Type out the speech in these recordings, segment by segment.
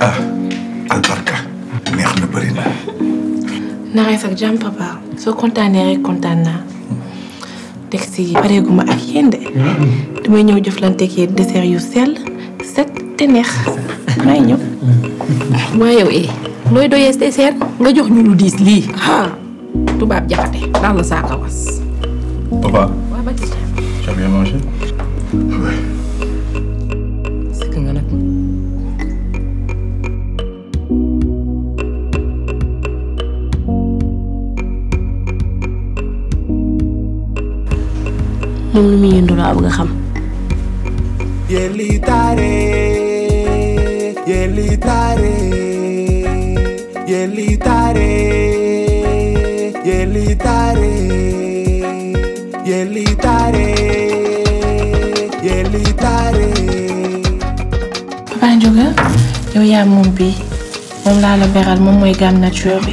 ah albarka neex na bëri na. ak jàmm papa soo kontaanee rek kontaan naa. teg si pareeguma ak yéen de. damay ñëw jëflanteeg yéen dessert yu sell set te neex may ñëw. waaye yow eh doyee dessert nga jox ñu lu diis lii. tubaab jaxate daal la saaka was. papa. moom lu muy yëndu laa bëgg a xam. yéen lii taare yéen lii taare yéen lii taare yaa moom bi moom laa la beral moom mooy gamme nature bi.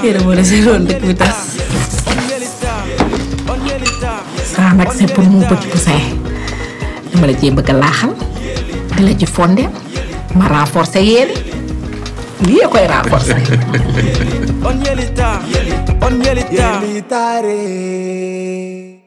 Quiero de putas. Quand nag c'est pour mu bëgg poussin dama la cee bëgg laaxal di la ci fondé ma renforcer yéen lii koy